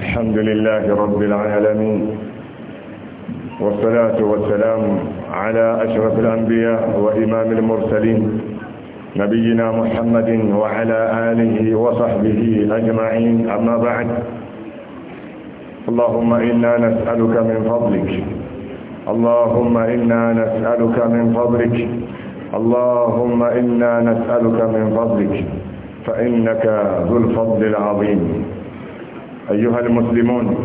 الحمد لله رب العالمين والصلاة والسلام على أشرف الأنبياء وإمام المرسلين نبينا محمد وعلى آله وصحبه أجمعين أما بعد اللهم إنا نسألك من فضلك اللهم إنا نسألك من فضلك اللهم إنا نسألك من فضلك فإنك ذو الفضل العظيم أيها المسلمون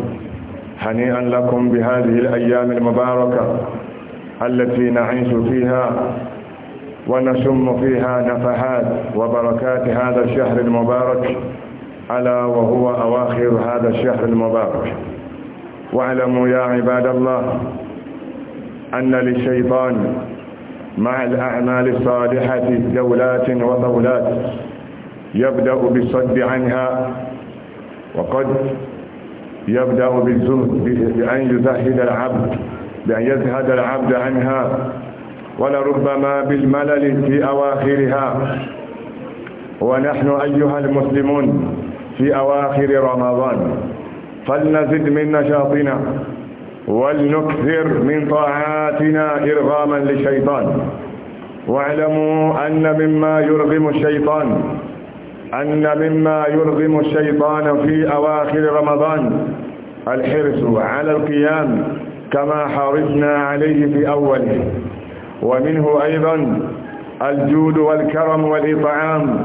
هنيئا لكم بهذه الأيام المباركة التي نعيش فيها ونشم فيها نفحات وبركات هذا الشهر المبارك ألا وهو أواخر هذا الشهر المبارك واعلموا يا عباد الله أن للشيطان مع الأعمال الصالحة جولات وطولات يبدأ بالصد عنها وقد يبدأ بالزهد بأن يزهد العبد بأن يزهد العبد عنها ولربما بالملل في أواخرها ونحن أيها المسلمون في أواخر رمضان فلنزد من نشاطنا ولنكثر من طاعاتنا إرغاما للشيطان واعلموا أن مما يرغم الشيطان أن مما يرغم الشيطان في أواخر رمضان الحرص على القيام كما حرصنا عليه في أوله ومنه أيضا الجود والكرم والإطعام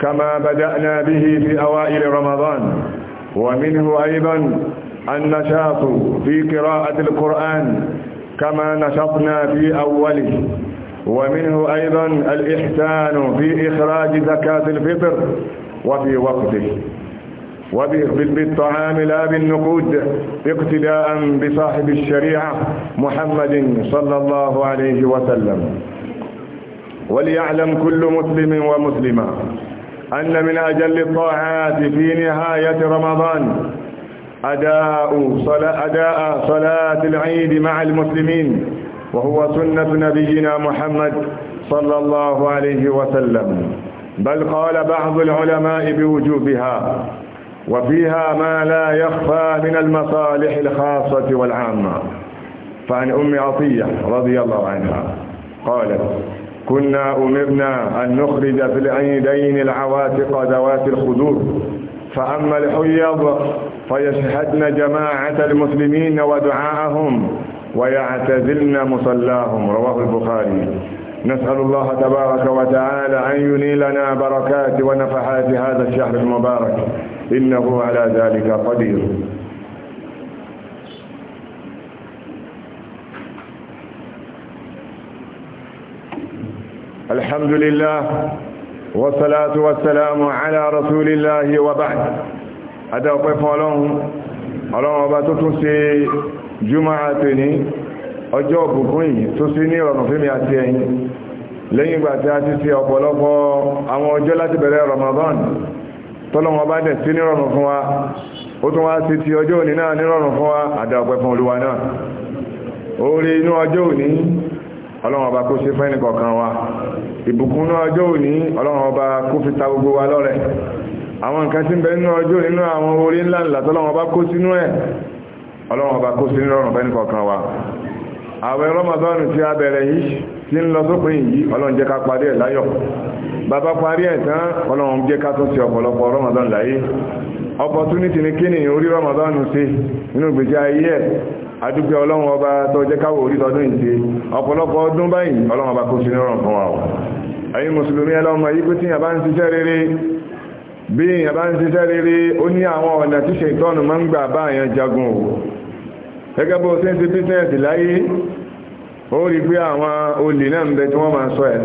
كما بدأنا به في أوائل رمضان ومنه أيضا النشاط في قراءة القرآن كما نشطنا في أوله ومنه أيضا الإحسان في إخراج زكاة الفطر وفي وقته وبالطعام لا بالنقود اقتداء بصاحب الشريعة محمد صلى الله عليه وسلم وليعلم كل مسلم ومسلمة أن من أجل الطاعات في نهاية رمضان أداء صلاة, العيد مع المسلمين وهو سنة نبينا محمد صلى الله عليه وسلم بل قال بعض العلماء بوجوبها وفيها ما لا يخفى من المصالح الخاصة والعامة فعن أم عطية رضي الله عنها قالت كنا أمرنا أن نخرج في العيدين العواتق ذوات الخدور فأما الحيض فيشهدن جماعة المسلمين ودعاءهم ويعتزلن مصلاهم رواه البخاري نسأل الله تبارك وتعالى أن ينيلنا بركات ونفحات هذا الشهر المبارك إنه على ذلك قدير الحمد لله والصلاة والسلام على رسول الله وبعد أدى قف ولهم ولهم وبعد jùmọ́ àti ní ọjọ́ òbùkún yìí tó sí ní ìrọ̀nà fími àti ẹ̀yìn lẹ́yìn ìgbà tí a ti ṣe ọ̀pọ̀lọpọ̀ àwọn ọjọ́ láti bẹ̀rẹ̀ Ramadan tọ́lọ́wọ́n bá dẹ̀ sí nírọ̀rùn fún wa ó tún wá sí ti ọjọ́ òní náà nírọ̀rùn fún wa àdá ọ̀pẹ́ fún olúwa náà oore inú ọjọ́ òní ọlọ́run ọba kó ṣe fún ẹnì kọ̀ọ̀kan wa ìbùkún inú ọjọ́ òní ọlọ́run ọba kó fi ta gbogbo wa lọ́rẹ àwọn nǹkan tí ń bẹ nínú ọjọ́ nínú àwọn oore ńlá ńlá tọ́lọ́run kó sínú ẹ̀ ọlọ́run ọba kó sí nírọ̀rùn bẹ́ẹ̀ nìkọ̀ọ̀kan wa àwẹ̀ rọmọdọ́nù tí a bẹ̀rẹ̀ yìí tí ń lọ sópin yìí ọlọ́run jẹ́ ká parí ẹ̀ láyọ̀ bàbá parí ẹ̀ tán ọlọ́run jẹ́ ká tún sí ọ̀pọ̀lọpọ̀ rọmọdọ́nù láyé opportunity ní kíni orí rọmọdọ́nù sí nínú gbèsè ayé ẹ̀ adúgbẹ́ ọlọ́run ọba tó jẹ́ káwò orí tọdún ìṣe ọ̀pọ̀lọpọ̀ ọdún báyìí ọlọ́run ọba kó sí nírọ̀rùn fún wa ẹ̀yin mùsùlùmí ẹlọ́mọ yìí pé tí yàbá ń ṣiṣẹ́ rere bí yàbá ń ṣiṣẹ́ rere ó ní àwọn ọ̀nà tí ṣètọ́nù máa ń gbà báyàn jagun gẹ́gẹ́ bó ṣe ń ṣe bísẹ́ẹ̀sì láyé ó rí pé àwọn olè náà ń bẹ tí wọ́n máa sọ ẹ̀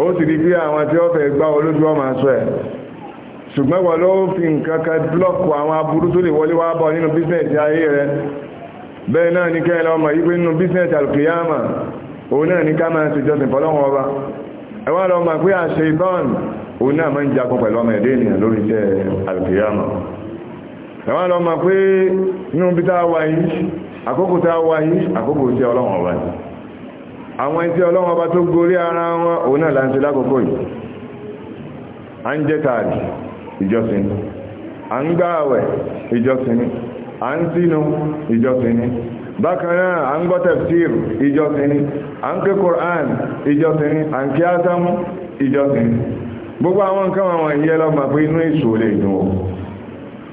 ó sì rí pé àwọn tí ó fẹ́ gbá olójú wọn máa sọ ẹ̀ ṣùgbọ́n wọ́n ló fi nǹkan kan blọ́ọ̀kù àwọn aburú tó lè wọlé wá bọ̀ nínú bísẹ́ẹ̀sì ayé rẹ bẹ́ẹ̀ náà ní kẹ́lẹ́ ọmọ yìí pé nínú bísẹ́ẹ̀sì alùkìyàmà òun náà ní ká máa ṣe jọsìn fọlọ́wọ́n ọba ẹwọ́n lọ mọ̀ pé ẹ̀wọ́n lọ ma pé inú bí tá a wà yìí àkókò tá a wà yìí àkókò iṣẹ́ ọlọ́wọ̀n ọba ni àwọn iṣẹ́ ọlọ́wọ̀n ọba tó gorí ara wọn òun náà láti lákòókò yìí à ń jẹ tààrí ìjọsìn à ń gbá àwẹ̀ ìjọsìn à ń sínú ìjọsìn bákanáà à ń gbọ́ tafsir ìjọsìn à ń ké Qur'an ìjọsìn à ń ásámú ìjọsìn gbogbo àwọn nǹkan pé inú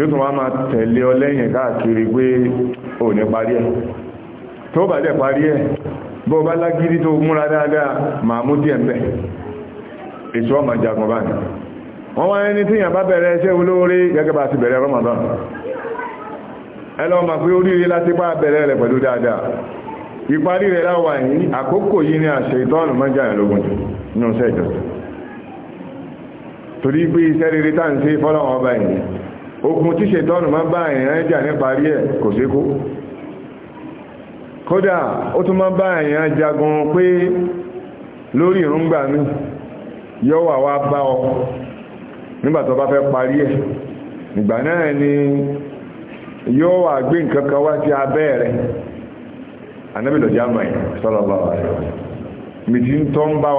yóò tún wá máa tẹ̀lé ọ lẹ́yìn káàkiri pé ò ní parí ẹ̀ tó bá dẹ̀ parí ẹ̀ bó bá lágídí tó múra dáadáa máa mú díẹ̀ mẹ́ èso ọmọ jagun bá ní wọ́n wá ní tí yàn bá bẹ̀rẹ̀ iṣẹ́ olóore gẹ́gẹ́ bá ti bẹ̀rẹ̀ Ramadan ẹ lọ mọ̀ pé oríire láti pa bẹ̀rẹ̀ rẹ̀ pẹ̀lú dáadáa ìparí rẹ̀ láwà yìí àkókò yìí ni àṣẹ ìtọ́nù máa ń jà lógún jù torí pé iṣẹ́ rere tá à ń ogun tí ṣètọ́nù máa bá èèyàn jà nípa rí ẹ̀ kò sí kódà ó tún ma bá èèyàn jagun pé lórí ìrúngbà ní yóò wá bá ọ bá fẹ́ parí ẹ̀ ìgbà náà ni yóò gbé nǹkan kan wá sí rẹ̀ ti ń tọ́ ń bá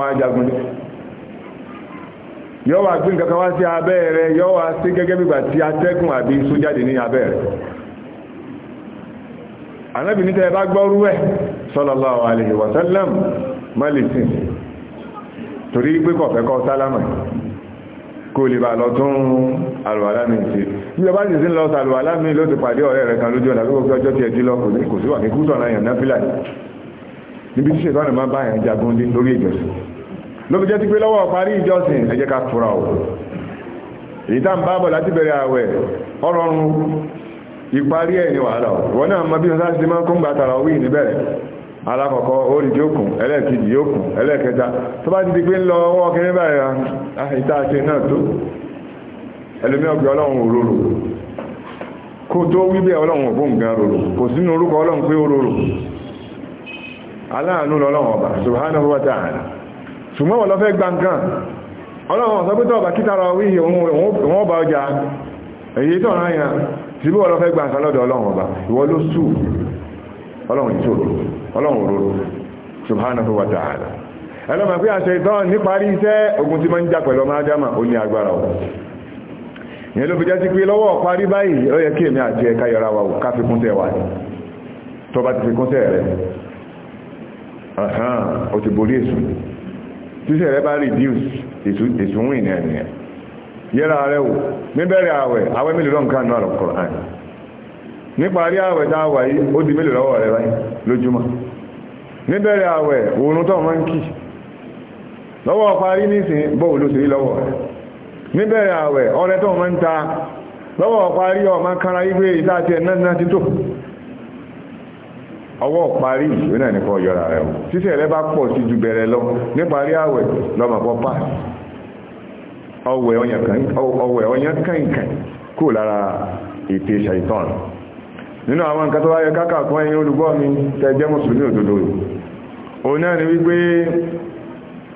yóò wá gbé nǹkan kan wá sí abẹ́ rẹ̀ yóò wá sí gẹ́gẹ́ bí ìgbà tí atẹ́kùn àbí iṣu ní abẹ́ rẹ̀ anábì ní tẹ́ẹ̀ bá gbọ́rú ẹ̀ sallallahu alaihi wa sallam malisin torí pé kọ̀fẹ́ kọ́ sálámà kó lè bá lọ tún àlùwàlá mi ṣe bí ọba sì sí ń lọ sí àlùwàlá mi ló ti pàdé ọ̀rẹ́ rẹ̀ kan lójú ọ̀nà lóbi jẹ́ ti pé lọ́wọ́ parí ìjọsìn ẹ ká fura o èyí ń bá bọ̀ láti bẹ̀rẹ̀ àwẹ̀ ọrọ̀run ìparí ẹ̀ ní wàhálà wọ́n náà mọ́ bí wọ́n sáà ti máa kó ń gbà tààrà wí níbẹ̀rẹ̀ alákọ̀ọ́kọ́ orí ẹlẹ́ẹ̀kẹta tó bá ti di pé ń lọ ọwọ́ kẹrin ìta ṣe náà tó ẹlòmí ọlọ́run òróró kó tó wí ọba subhanahu wa ta'ala ṣùgbọ́n wọ́n lọ fẹ́ gba nǹkan ọlọ́run ọ̀sọ́ pé tọ́ọ̀bà kí tààrà wíhì òun ọba ọjà èyí tọ́ ráyà sí bí wọ́n lọ fẹ́ gba nǹkan lọ́dọ̀ ọlọ́run ọba ìwọ ló sù ọlọ́run ìṣòro ọlọ́run òróró subhanahu wa ta'ala ẹlọ́mà pé àṣẹ ìtọ́ níparí iṣẹ́ ogun tí máa ń jà pẹ̀lú ọmọ ádámà ó ní agbára ọ̀ ìyẹn ló fi jẹ́ sí pé lọ́wọ́ parí báyìí ó yẹ kí èmi àti ẹ̀ka yọra wa ká fi kúnṣẹ́ wa ti borí èsùn tíṣẹ̀ rẹ bá reduce èsù ń wìn ẹ̀ yẹ́ra rẹ wò níbẹ̀rẹ̀ àwẹ̀ àwẹ̀ mélòó lọ́nkà náà lọ kọ̀ ẹ̀ níparí àwẹ̀ tá wà yìí ó di mélòó lọ́wọ́ rẹ báyìí lójúmọ́ níbẹ̀rẹ̀ àwẹ̀ òórùn tó máa ń kì lọ́wọ́ parí nísìn ló sì rí lọ́wọ́ ọwọ́ parí ìwé náà nípa ọ̀yọ́ra rẹ̀ títẹ̀ bá pọ̀ sí ju bẹ̀rẹ̀ lọ níparí àwẹ̀ pa ọwẹ̀ ọyàn kànkàn kò lára ètè ṣàìtàn nínú àwọn nǹkan tó wáyé kákà fún ẹ̀yin olùgbọ́ mi tẹ́jẹ́ mùsùlùmí náà ni wípé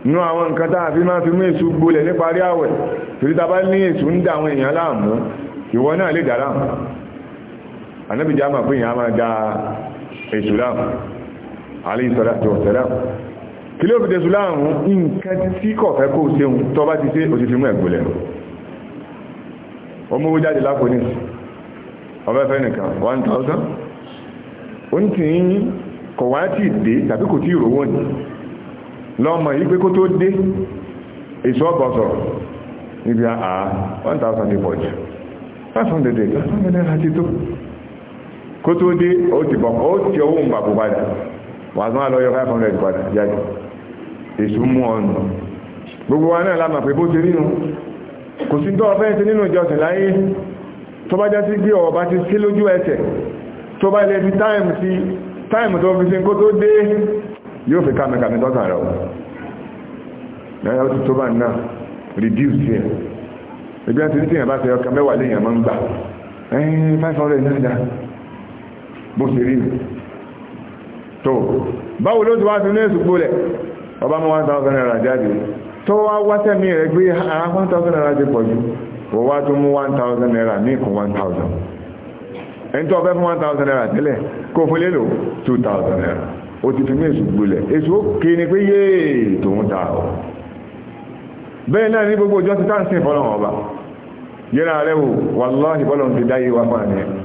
nú àwọn nǹkan tá a máa fi mú gbolẹ̀ àwẹ̀ torí ta bá ní ń àwọn èèyàn láàmú ìwọ ìsùláàmù alayhi salatu wa salam kí ló fi dé ìsùláàmù nǹkan tí kò fẹ́ kó ṣeun tó bá ti ṣe òṣìṣẹ́ mú ẹ̀gbọ́lẹ̀ ọmọ owó jáde lápò ní ọbẹ́fẹ́ nìkan 1000 ó ní tí ń kọ̀ wá tí dé tàbí kò tí ìrówó ní lọ́mọ yìí pé kó tó dé èso ọ̀bọ̀sọ̀ níbi àà 1000 ní pọ̀jù 500 dé 500 náírà ti tó kó tó dé ó ti bọ̀ ó ti owó ń bàbò padà wà tún àlọ́yọ 500 padà jáde èso mú ọ̀nà gbogbo wa náà lámà pé bó ṣe nínú kò sí tọ́ ọ̀fẹ́ ṣe nínú ìjọsìn láyé tó bá jásí gbé ọ̀bá ti sí lójú ẹsẹ̀ tó bá ilẹ̀ ti táìmù sí táìmù tó fi sí kó dé yóò fi kàmẹ́kàmẹ́ tọ́sàn rẹ̀ náà ó ti tó náà reduce ẹ̀ ẹgbẹ́ ti ní tíyàn bá ṣe ọkàn mẹ́wàá léèyàn máa ń gbà ẹ̀yìn 500 náà bó ṣe rí tó báwo ló ti wá sí ní èsùpò ọba mọ́ 1000 naira jáde tó wá wáṣẹ́ mi rẹ̀ gbé ara ah, ah, 1000 naira ti pọ̀ jù wá tó mú 1000 naira ní ìkùn 1000 ẹni tó ọfẹ́ fún 1000 naira tẹ́lẹ̀ kó fún lélo 2000 naira ó ti fi ní èsùpò lẹ̀ èsù ó ké ni pé yéè tòun ta ọ bẹ́ẹ̀ náà ní gbogbo ọjọ́ ti táǹsìn fọ́lọ́wọ́n ọba yẹ́ra rẹ̀ wò wàláhì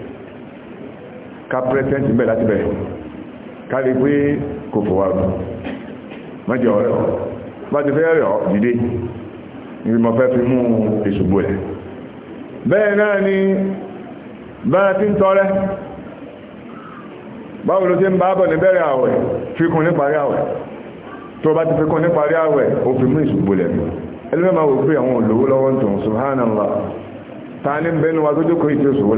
ká present bẹ̀ láti bẹ̀ kárí pé kò fòwà rù mọ́jọ ọ̀rẹ́ bá ti fẹ́ rẹ̀ dìde ní mo fẹ́ fi mú ìṣògbò ẹ̀ bẹ́ẹ̀ náà ni bá ti ń tọrẹ báwo ló ti ń bábọ̀ ní bẹ̀rẹ̀ àwẹ̀ fikún ní parí àwẹ̀ tó bá ti fikún ní parí àwẹ̀ ó fi mú ìṣògbò lẹ̀ ẹlẹ́mẹ́ máa wò pé àwọn olówó lọ́wọ́ ń tòun subhanallah ta ní bẹ́nu wa tó jókòó ìtí òṣòwò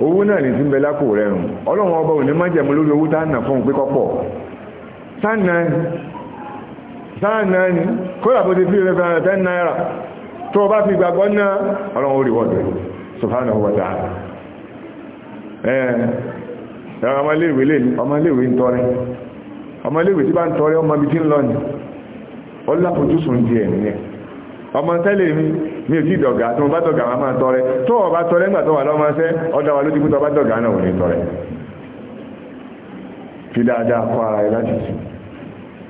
owó náà ní ti ń bẹ lápò rẹ̀ ọlọ́run ọba òní má jẹ̀mú lórí owó tánà fún un pé kọ́pọ̀ tánà ni kódà bó ti fi rẹ̀ fẹ́ràn ten naira tó o bá fi gbàgbọ́ náà ọlọ́run ó rí wọ́dọ̀ subhanahu ọmọ tẹ́lẹ̀ mi mi ò tí dọ̀gá tí mo bá dọ̀gá máa máa tọrẹ tó o bá tọrẹ ńgbà tó wà lọ́mọ ṣẹ́ ọ̀dà wa lójú tó o bá dọ̀gá náà ò ní tọrẹ fi dáadáa kọ́ ara ẹ láti sí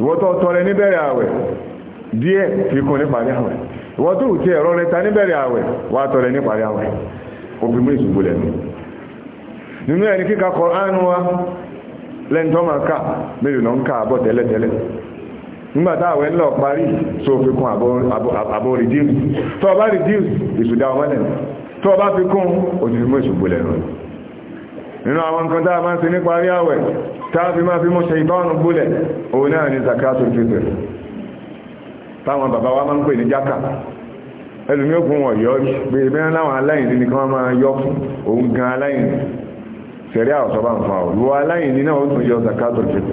ìwọ́n tó tọrẹ níbẹ̀rẹ̀ àwẹ̀ díẹ̀ fi kún níparí àwẹ̀ ìwọ́n tó ti ẹ̀rọ rẹ níbẹ̀rẹ̀ àwẹ̀ wà tọrẹ níparí àwẹ̀ òfin mú ìṣubú lẹ́nu nínú ẹni kíka Kùránì nígbàtá àwẹ̀ ńlọ parí tó fi kún àbọ̀ reduce tó ọba reduce ìṣùdá ọmọlẹ̀ tó ọba fi kún òtìsí mú ìṣùgbò lẹ́nu nínú àwọn nǹkan tá a máa ń ṣe nípa rí àwẹ̀ tá a fi máa fi mú ṣe ìbánu gbólẹ̀ òun náà ni zakatul fitr táwọn bàbá wa máa ń pè ní jákà ẹlùmí òkun wọ̀ yọ́ pé mẹ́rin láwọn aláìní ni kan máa yọ fún òun gan aláìní sẹ̀rí àwọ̀sọ́bà ń fa òlúwa aláìní náà ó tún yọ zakatul fitr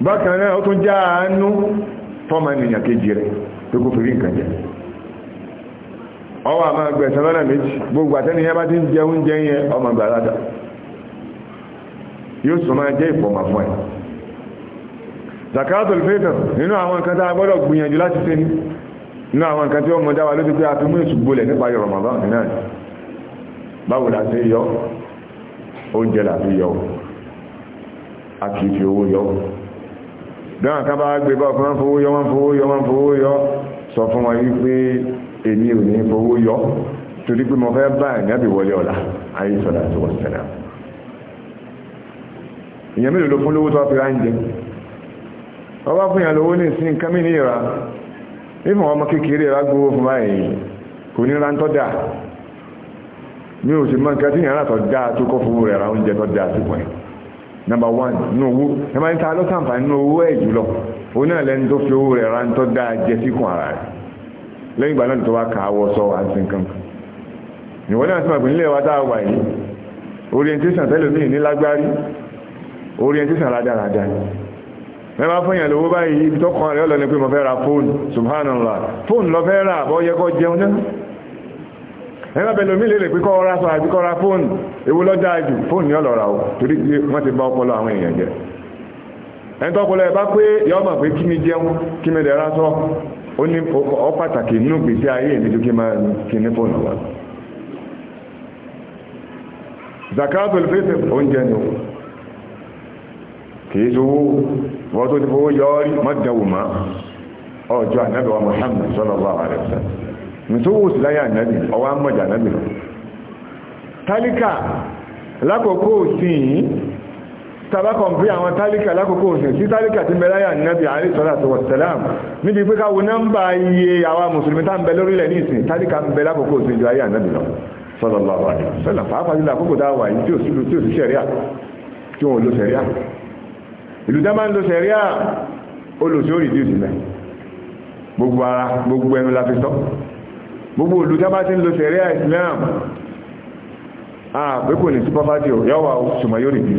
bákan náà ó tún já àánú fọ́mọ ènìyàn kejì rẹ̀ tó kó fìrí nǹkan jẹ ọwọ́ àmà gbẹ̀sẹ̀ lọ́nà méjì gbogbo àtẹ́niyàn bá ti ń jẹ oúnjẹ yẹn ọmọ ìgbà yóò sọ máa jẹ́ ìfọ̀mà fún ẹ̀ zakatul fitr nínú àwọn nǹkan tá a gbọ́dọ̀ gbìyànjú láti ṣe nínú àwọn nǹkan tí ó pé a fi mú nípa náà báwo la ṣe yọ oúnjẹ fi yọ a fi owó yọ dáwọn kan bá gbé bá ọkùnrin fowó yọ wọ́n fowó yọ wọ́n fowó yọ sọ fún wọn wípé èmi ò ní fowó yọ torí pé mo fẹ́ bá ìnábì wọlé ọ̀la ayé sọ̀rọ̀ àti wọ́n sẹ̀dá ìyẹn mélòó ló fún lówó tó wá fi ráńjẹ ọba fún ìyàn lówó ní ìsìn nǹkan mìíràn ìra ìfọ̀n ọmọ kékeré rà gbówó fún báyìí kò ní rántọ́ dáa mi ò sì mọ nǹkan tí ìyàn rà tọ́ dáa tó kọ́ fowó rẹ̀ ra oúnjẹ tọ́ dáa sí yìí number one nínú owó ẹ máa ń ta lọ́sàǹfà nínú owó ẹ̀ jùlọ òun náà lẹ́ni tó fi owó rẹ̀ ra ń tọ́ dáa jẹ síkùn ara rẹ̀ lẹ́yìn ìgbà náà tó wá kà á wọ sọ àti nǹkan ìwọ náà sì máa pè nílé wa tá a wà yìí orientation tẹ́lẹ̀mí ní lágbárí orientation rádáradá mẹ́bá fẹ́yàn lówó báyìí tó kàn rẹ̀ ọlọ́ni pé mo fẹ́ ra fóònù subhanallah fóònù lọ fẹ́ rà bọ́ yẹ kó jẹun náà ẹ̀rọ bẹ̀lómi lè rè pé kọ́ ra sọ àbí kọ́ ra fóònù ewu lọ́jà jù fóònù yọ lọ́ra o torí pé wọ́n ti bá ọpọlọ àwọn èèyàn jẹ ẹni tọ́pọlọ ẹ bá pé yọ mọ̀ pé kí mi jẹun kí mi dẹ̀ ra sọ ó ní ọ pàtàkì nínú gbèsè ayé mi ju kí máa kí ní fóònù wa zakatul fitr oúnjẹ ni o kìí sówó wọ́n tó ti fowó yọ ọ́ rí mọ́jẹ̀wò mọ́ ọjọ́ ànábẹ̀wà Muhammad sallallahu alaihi wasallam nítòwò sí láyé ànábì ọwá mọ̀jà ànábì lọ tálíkà lákòókò sín tàbá kọ̀m̀pí àwọn tálíkà lákòókò sín sí tálíkà tí bẹ láyé ànábì àríṣọ́láṣọ́ wọ̀sẹ̀lám níbi pé káwo nọ́mbà iye àwa mùsùlùmí tá ń bẹ lórílẹ̀ ní ìsìn tálíkà ń bẹ lákòókò sín ju ayé ànábì lọ sallallahu alaihi wasallam pàápàá nílò àkókò tá a wà yìí tí ò sí sẹ̀ríà tí wọn ò lo sẹ̀ríà ìlú dá máa ń lo sẹ̀ríà olùsí ó rìdíùsì mẹ́ gbogbo ara gbogbo ẹnu la fi sọ gbogbo olùdámá tí ń lo sẹ̀ríà Islam àpé kò ní sí pọ́pátì ò yọ́wà ṣùgbọ́n yóò rìbí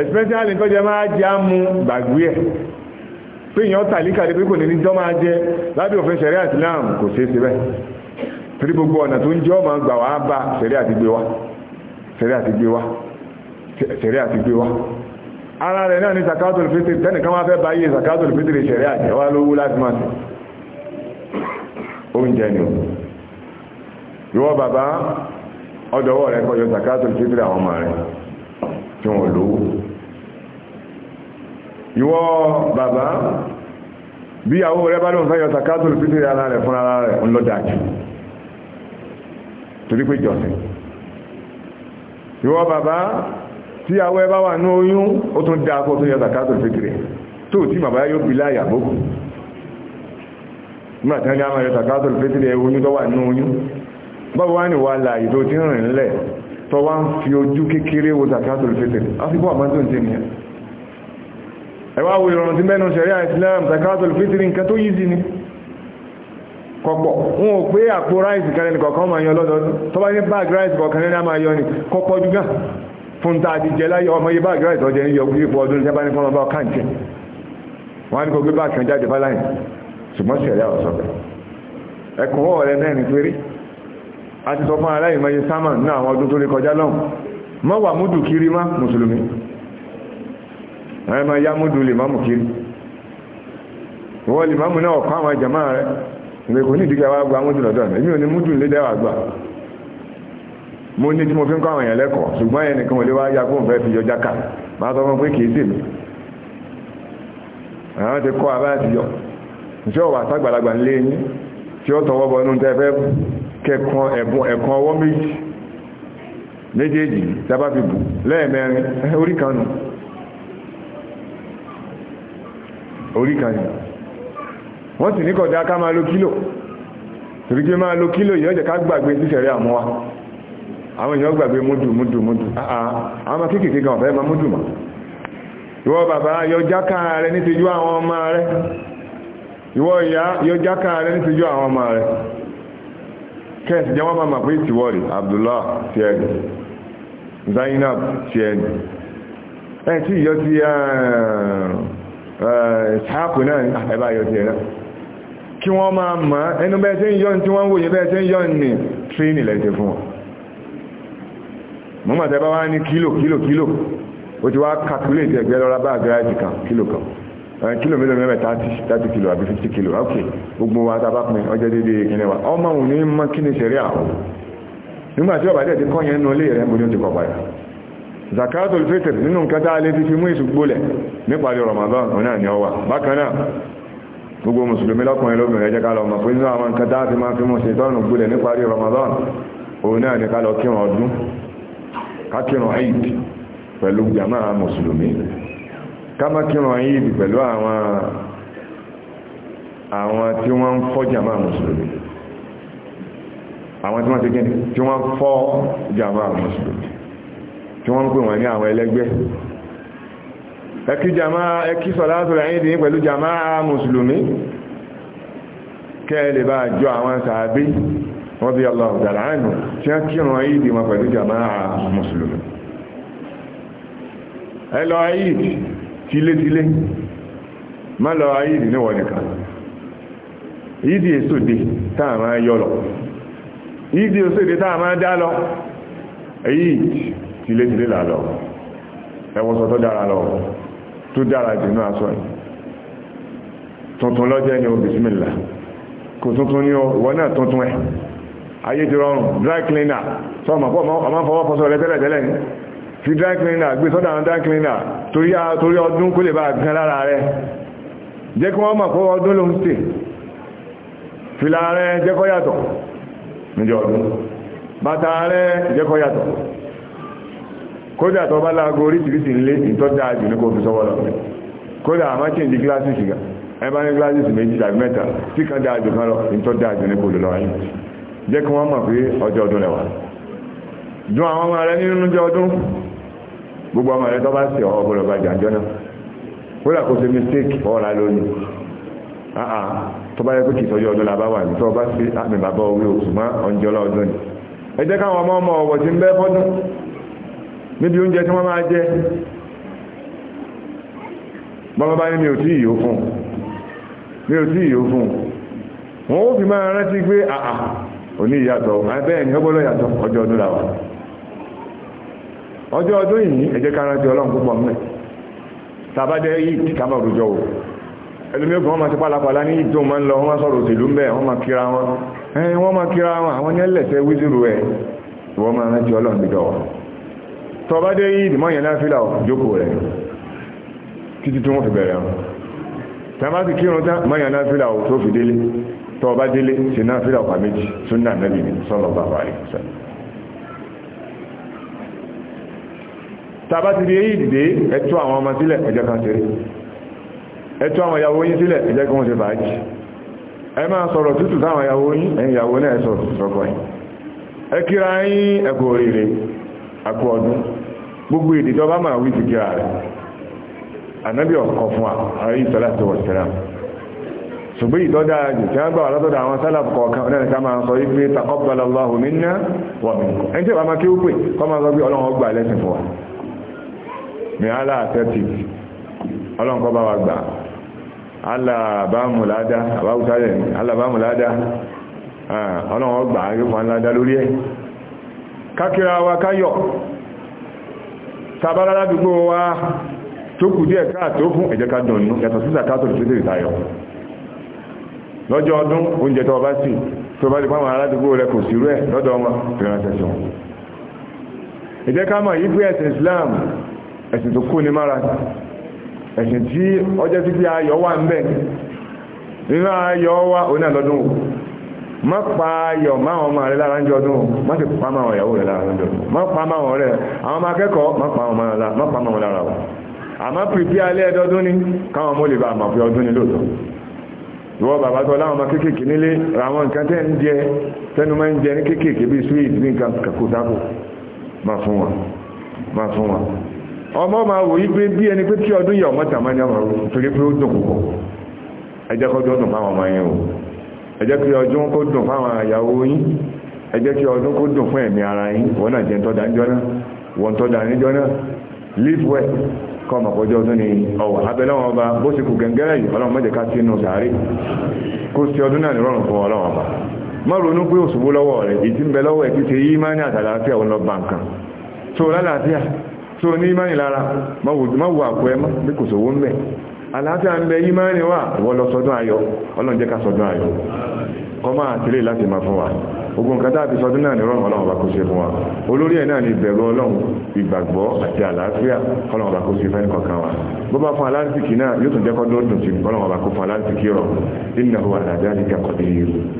especially nǹkan jẹ máa jẹ ámú gbàgbé ẹ̀ pé èèyàn tàlíkà lé pé kò ní ní jọ́ máa jẹ lábẹ́ òfin sẹ̀ríà Islam kò ṣeé ṣe bẹ́ẹ̀ torí gbogbo ọ̀nà tó ń jẹ́ ọmọ gbà wá bá sẹ̀ríà ti gbé wá sẹ̀ríà ti gbé wá sẹ̀ríà ti gbé wá ara rẹ̀ náà ní sàkátòlù fítìrì tẹ́nìkan wá fẹ́ báyé sàkátòlù fítìrì sẹ̀ríà jẹ́ wá lówó láti máa oúnjẹ ni ìwọ bàbá ọdọ̀wọ́ rẹ kọjọ sàkátùl fitri àwọn ọmọ rẹ tí wọ́n lówó ìwọ bàbá bí àwọ rẹ bá lóun fẹ́ yọ sàkátùl fitri ara rẹ fún ara rẹ ń lọ́dà jù torí pé jọ̀sìn ìwọ bàbá tí àwọ ẹ bá wà ní oyún ó tún dáa kó tún yọ sàkátùl fitri tó tí bàbá yóò fi láyà bókù nígbà tí wọ́n ní àmà yọ zakatul fitri ẹ oyún tó wà nínú oyún bọ́bọ̀ wá ní wà láàyè tó ti rìn lẹ̀ tó wá ń fi ojú kékeré wo zakatul fitri afibọ́ àmọ́ tó ń tẹ́ nìyẹn ẹwà wo tí mẹ́nu ṣẹ̀ríà ni kọ̀pọ̀ wọn ò pé àpò ráìsì kan ẹnì kọ̀ọ̀kan máa yan lọ́dọọdún tó bá ni kọ̀pọ̀ jù gán fún tá a ti jẹ láyé ṣùgbọ́n ṣẹ̀rí àwọn sọ́bẹ̀ ẹkùn wọ́ rẹ mẹ́rin péré a ti sọ fún aláìmọye sámà ní àwọn ọdún tó lè kọjá lọ́hùn mọ́ wà múdù kiri má mùsùlùmí ẹ̀mọ ya múdù lè mámù kiri wọ́n lè mámù náà ọ̀kọ́ àwọn rẹ̀ kò ní ìdíkẹ́ wá gba múdù lọ́dọ̀ àwọn ya ti kọ́ tí ó wà sàgbàlagbà ń lé ní tí ó tọwọ́ bọ̀ inú tẹ́fẹ́ kẹkàn ẹ̀bùn ẹ̀kan ọwọ́ méjì méjèèjì tábà fi bù lẹ́ẹ̀mẹ́rin orí kan nù orí kan nù wọ́n sì ní kọjá ká máa lo kílò torí kí máa lo kílò yìí ọjọ́ ká gbàgbé síṣẹ̀rí àmúwa àwọn èèyàn gbàgbé múdù múdù múdù ah, ah. àwọn ọmọ kéékèèké gan ọ̀fẹ́ máa múdù mọ́ ìwọ bàbá yọjá ká rẹ nítorí àwọn ọmọ rẹ ìwọ ìyá yóò jákà rẹ nítorí àwọn ọmọ rẹ kẹ́ẹ̀sì jẹ́ wọ́n máa mà pé ìtìwọ́rì Abdullah ti ẹni Zainab ti ẹni ẹ̀ tí ìyọ́ ti ṣáàpù náà ẹ̀bá yọ ti ẹ̀rẹ́ ah, kí wọ́n máa mọ̀ ẹnu bẹ́ẹ̀ tí ń yọ́ tí wọ́n ń wòye bẹ́ẹ̀ tí ń yọ́ ní tírínì lẹ́sẹ̀ fún wọn mọ́mọ̀ tẹ́ bá wá ní kílò kílò kílò ó ti wá kàkúlé ìtẹ̀gbẹ́ lọ́ra kìlómítà mẹ́rin tààtì tààtì kìlò àbí fifty kìlò ok gbogbo wa tá a bá pin ọjọ́ dédé kíni wa ọmọ òun ní mọ́ kíni sẹ̀rí àwọn nígbà tí ọba dẹ̀dẹ̀ kọ́ yẹn nínú ilé rẹ̀ mo ní o ti kọ̀ padà zakatul fitr nínú nǹkan tá a lè fi fi mú ìsúgbólẹ̀ nípàdé Ramadan òun náà ni ọ wà bákan náà gbogbo mùsùlùmí lọ́kùnrin lóbìnrin ẹjẹ́ ká lọ mọ̀ pé nínú àwọn nǹkan tá a fi máa fi mú ṣe tọ́nù gbólẹ̀ nípàdé Ramadan òun náà ni ká lọ kírun ọdún ká kírun Eid pẹ̀lú jàmáà mùsùlùmí kámá kírun ayé ìdì pẹ̀lú àwọn àwọn tí wọ́n ń fọ́ jàmá mùsùlùmí àwọn tí wọ́n ti gẹ́ni tí wọ́n fọ́ jàmá mùsùlùmí tí wọ́n ń pè wọ́n ní àwọn ẹlẹ́gbẹ́ ẹkí jàmá ẹkí sọ̀látùl ìdì pẹ̀lú jàmá mùsùlùmí kẹ́ẹ̀lẹ̀ bá jọ àwọn sàábí wọ́n bí Allah ọ̀dàrà ánù tí wọ́n kírun ayé ìdì wọn pẹ̀lú jàmá mùsùlùmí ẹlọ ayé ìdì tilétilé má lọ ayídì níwọ̀n nìkan ìdí èsòdè táà máa yọ lọ ìdí èsòdè táà máa dá lọ èyí tilétilé là lọ ẹwọ́sọ tó dára lọ tó dára jù náà sọ yìí tuntun lọ́jẹ́ ni o bisimilá kò tuntun ni o wọ́n náà tuntun ẹ̀ ayé ti rọrùn dry cleaner sọ ma fọwọ́ fọsọ rẹ tẹ́lẹ̀ tẹ́lẹ̀ ni fi dry cleaner gbé sọ́dọ̀ àwọn dry cleaner torí ọdún kó lè bá gan lára rẹ̀ jẹ́ kí wọ́n mọ̀ kó ọdún ló ń tè fìlà rẹ̀ jẹ́kọ́ yàtọ̀ níjọ́ ọdún bàtà rẹ̀ jẹ́kọ́ yàtọ̀ kódà tó bá láago oríṣiríṣi ńlé ìtọ́jà jù ní kò fi sọ́wọ́ lọ kódà àmáṣe ìdí gíláàsì ṣìgá ẹbá ní gíláàsì méjì tàbí mẹ́ta tí kan dáa jù kan lọ ìtọ́jà jù ní kò lọ ayé jẹ́ kí wọ́n mọ̀ pé ọjọ́ ọdún lẹ́wà dùn àwọn ọmọ rẹ̀ nínú ọjọ́ ọdún gbogbo ọmọ rẹ tó bá sì ọ̀rọ̀ ọgbọ̀rọ̀ bàjẹ́ àjọ náà ó rà kó ṣe mistake ọ̀rà lónìí àà tó bá yẹ pé kì í ọdún làbá wà ní tó bá sí àmì bàbá orí òṣùmọ́ ọ̀njọ́lá ọdún ni ẹ jẹ́ káwọn ọmọ ọmọ ọ̀wọ̀ ti ń bẹ́ fọ́dún níbi oúnjẹ tí wọ́n máa jẹ bọ́mọ bá ní mi ò tí ìyó fún mi ò tí ìyó fún wọn ó fi máa rántí pé àà òní ìyàtọ̀ bẹ́ẹ̀ ni ó gbọ́dọ̀ yàtọ̀ ọjọ́ ọdún làwà ọjọ́ ọdún yìí ẹjẹ́ kára jọ ọlọ́run púpọ̀ mẹ́ tàbádẹ́ yìí kàmà òrùjọ o ẹlùmí ogun wọn ma ti pàlàpàlà ní ìdó ma ń lọ wọn sọ̀rọ̀ òṣèlú ń bẹ̀ wọn ma kíra wọn ẹ̀yìn wọn ma kíra wọn àwọn ní ẹlẹ́sẹ̀ wíṣìrù ẹ̀ ìwọ́n ma rántí ọlọ́run dídọ̀ wọn tọ́bádẹ́ yìí ìdìmọ́ yẹn náà fílà jókòó rẹ̀ títí tí wọ́n fi bẹ̀rẹ̀ wọn tàbá ti kírun tán mọ́yàn náà fílà tó fi délé tọ́ọ̀bá délé ṣe náà fílà ọ̀pá méjì súnà nẹ́bì sọ́lọ́ bàbá rẹ̀ sọ́lọ́ taba ti di èyí dìde ẹ̀tọ́ àwọn ọmọ sílẹ̀ ẹ̀jẹ̀ kan àwọn ìyàwó yín sílẹ̀ ẹ̀jẹ̀ kí wọ́n ṣe fàájì ẹ máa sọ̀rọ̀ tútù sáwọn ìyàwó yín ẹ̀yin ìyàwó náà ẹ yín ẹ kíra yín gbogbo èdè tó bá máa wí ti kíra rẹ̀ ànábì ọ̀kọ̀ fún wa àrí ìsọ̀lá tó wọ̀ síra ṣùgbọ́n àjò tí wọ́n gbà wà látọ̀dọ̀ àwọn kọ̀ọ̀kan máa sọ wípé ẹni tí ní aláàtẹ́tì ọlọ́nkọ́ bá wa gbà ala ọlọ́wọ́ gbà yóò ládá lórí ẹ̀ kákírá wa káyọ̀ tàbára ládùgbò wa tó kù díẹ̀ káà fún ẹ̀jẹ̀ ká yàtọ̀ sí sàkátò títí ìtayọ̀ lọ́jọ́ ọdún oúnjẹ tó bá sí tó bá rẹ kò sí lọ́dọ̀ mọ̀ ẹ̀sìn tó kó ní ti ẹ̀sìn tí ọjọ́ títí ayọ̀ wà ń bẹ̀ nínú ayọ̀ wà ó ma pa ayọ̀ máwọn ọmọ rẹ̀ lára ń jọ ma sì pa máwọn ìyàwó rẹ̀ lára ń ma ọdún ma pa máwọn rẹ̀ àwọn ọmọ akẹ́kọ̀ọ́ ma pa máwọn lára wọn àmọ́ pìpí alẹ́ káwọn ọmọ bá fi ọdún ọmọ ma wò yí pé bí ẹni pé tí ọdún yẹ ọmọ tàmá ní ọmọ torí pé ó dùn púpọ̀ ẹ jẹ́ kó dùn fáwọn ọmọ yẹn o ẹ jẹ́ kí ọdún kó dùn fáwọn àyàwó yín ẹ jẹ́ kí ọdún kó dùn fún ẹ̀mí ara yín wọ́n náà jẹ́ tọ́dà níjọ́ náà wọ́n tọ́dà níjọ́ náà live well kọ́ ọmọ pọ̀jọ́ ọdún ni ọwọ́ abẹ́lẹ́wọ̀n ọba bó ti kù gẹ̀ngẹ́rẹ́ yìí ọlọ́run mẹ́jẹ̀ ká sínú sàárè kó sí ọdún náà nírọ̀rùn fún ọlọ́run ọba má ronú pé òṣùwó lọ́wọ́ rẹ̀ ìtì ń bẹ lọ́wọ́ ẹ̀ ti ṣe yí má ní àtàlàáfíà òun lọ bá nǹkan tó lálàáfíà tó ní ìmáni lára mọ́wò àpò ẹ mọ́ bí kò sówó ń bẹ̀ àlàáfíà ń bẹ ìmáni wà wọ́n sọdún ayọ̀ ọlọ́run jẹ́ ká sọdún ayọ̀ ọmọ láti máa fún wa ogun nǹkan tá a ti sọdún náà ní rọrùn ọlọ́run ọba kó ṣe fún wa olórí ẹ̀ náà ni ìbẹ̀rù ọlọ́run ìgbàgbọ́ àti àlàáfíà ọlọ́run ọba kó ṣe fẹ́ nìkan wa bó bá fún aláàtìkì náà yóò tún jẹ́kọ́ dún dùn sí ọlọ́run ọba kó fún aláàtìkì rọ̀ nínú àwọn àdájá ní kẹ́kọ̀ọ́